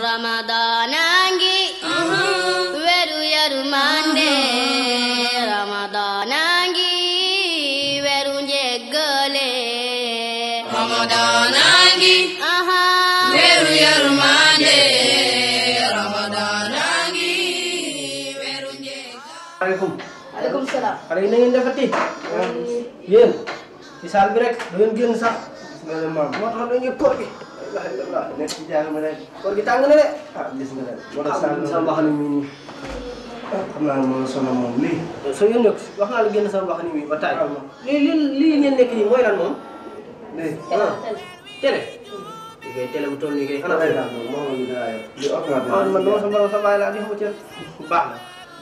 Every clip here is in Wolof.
ramadaanangi weru uh-huh. yërmande uh-huh. ramadaanangi weru njëggale ramadaanangi weru yërmande ramadaanangi weru njëggale aleykum aleykum salaam xale yi na ngeen defati yéen ci bi rek da ngeen génn sax nga ne maam moo tax da nekk ci jaarama nawet bi. koor gi tàng na de. ah gis na mu nii. xam naa ne moom la sonal moom lii. soo yëngu wax naa la génn sama wax ni muy ba taay. moom. toll nii kay. xanaa xanaa moom li man dama sa borom sa bàyyi laa jox ma cër. baax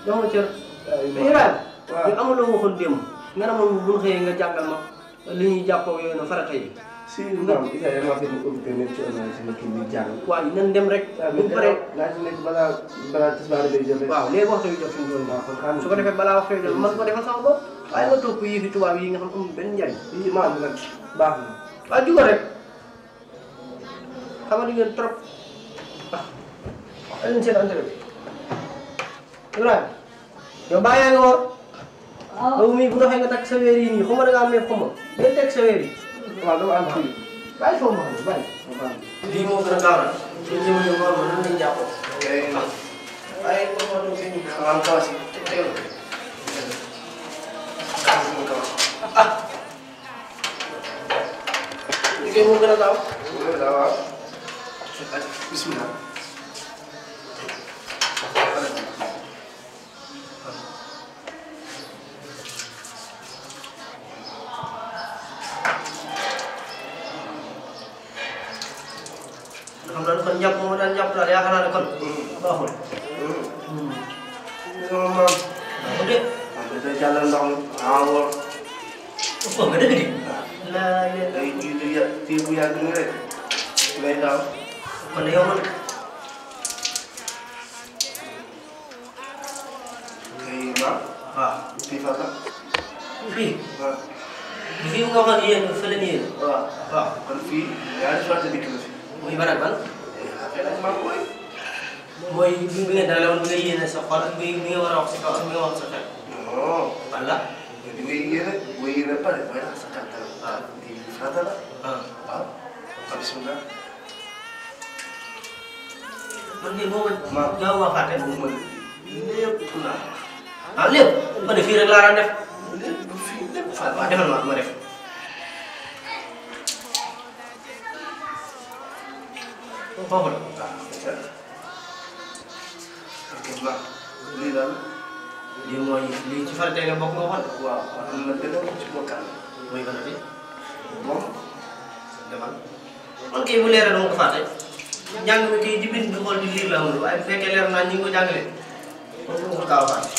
na ma cër. waaw ñu amuloo waxoon démb. nga ma li ñuy si non gis nga dama fekk obité nekk ci online sama kii bi jàng. waaw nañ dem rek. bu paree laaj nekk balaa balaa tisbaar bi jot. waaw léegi waxtu bi jot suñu tool yi. su ko defee balaa waxtu ma topp yii yi nga xam amul benn njariñ. yii maa ngi nag baax na. waaw di ko rek xamadi ngeen trop ah wax seen entrée nga woor. waaw bu doxee nga takk yi nii ma da ngaa amee xuma day teg sa weer waaw dama am kii bàyyi soo ma xam bàyyi. lii moo gën a gaaw nag. suñ ñëwee ñu war ma nan lañ jàppoo. waaye comme ma doon seen ñu am kawas yi teel ah. liggéey moo gën a gaaw. moo gën a gaaw waaw. bisimilah. topp daal yaakaar naa ne kon baaxul. moom moom. bu dee. waaw dafay jàllale ndox mi. waaw wóor. foofu nga dëgg de. la leen day ji du ya ji bu yàgg nii rek. lay daaw. kon yow man. kay ba. waaw. fii Fata. fii. waaw. fii nga waxoon yéen fële nii yéen. waaw waaw kon fii. yaa ngi fàttali dikk la fi. muy barab ban. mooy bi nga daloon bi nga yéene sa xol ak bi nga war a wax sa kaw ak bi nga sa xel. non. voilà. bi nga yéene boo yéene pare mooy nag sa kàttan. ah di farata la. ah waaw. Ah. Ah, kon bisimilah. man de boo ma. waaw ñoo waxaate. boo ma lépp naa. ah lépp. ma ne fii rek laa daan def. lépp fii lépp. ma ma def. foofu la ko baax a ah, baax lii daal lii mooy lii ci bokk nga waaw am na mu leeral ma ko fàtte njàng mi kay jibin di xool di liir la amul waaye bu fekkee leer naa ñi ngi ko jàngalee kon ko gaaw a fàtte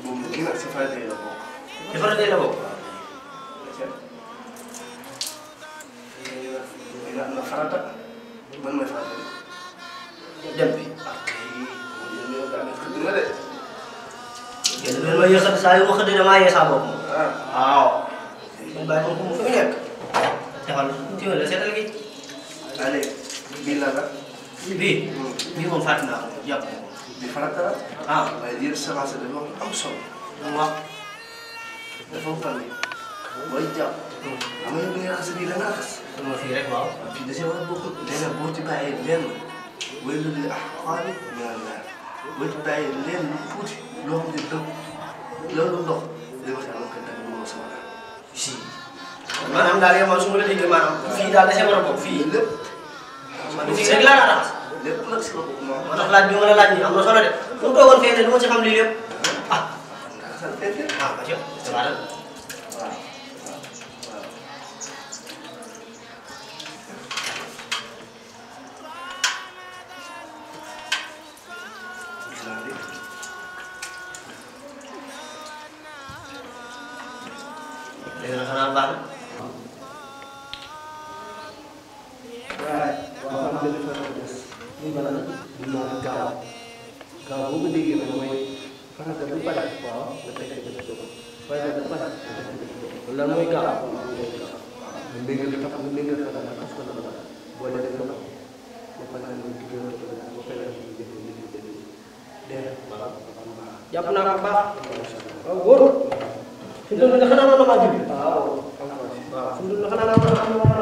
moom li nga si farata yi la bokk. si farata yi la bokk. waaw am na farata man mooy farata bi. dem bi. yéen a yéexal saa yu wax dëgg damaa yéexal bopp moom. waaw. man bàyyi ko mu fi nekk. defal teewul la seetal gi. allez bii la la. bii. bii moom fàttali naa ko jàpp ko. di farata la ah waaye di leen semence dafa wax am solo. waaw dafa faral di booy jàpp. am na ñoo xam ne da nga raxas. dama fi rek waaw. fii da see war a bokk léegi nag boo ci bàyyee lenn wéy lu dul ah xooli ñaar ñaar boo ci bàyyee lenn lu tuuti loo xam ne dëgg loolu ndox day wax daal kat dama mënoo sama dara. si maanaam daal yow man su ma la déggee maanaam. fii daal da see war a bokk fii lépp. man fii rek laa raxas. lépp nag sama bopp moo moo tax laaj bi ma la laaj nii am na solo de fu mu toogoon fee ne du ma ci xam lii lépp ah. ah Mathieu damaa dal waaw. léegi nag xanaa baax na maanaam gaaw gaaw boo ko déggee nag mooy farata du pare waaw nga teg ko def ko farata du pare nga méngal ko tax nga méngal ko nga diggéewal ko ba nga jëfee nit ñi dégg dégg jàpp naa ko baax waaw wóor fi mu doon nga xanaa la ma waaw waaw fi mu doon nga xanaa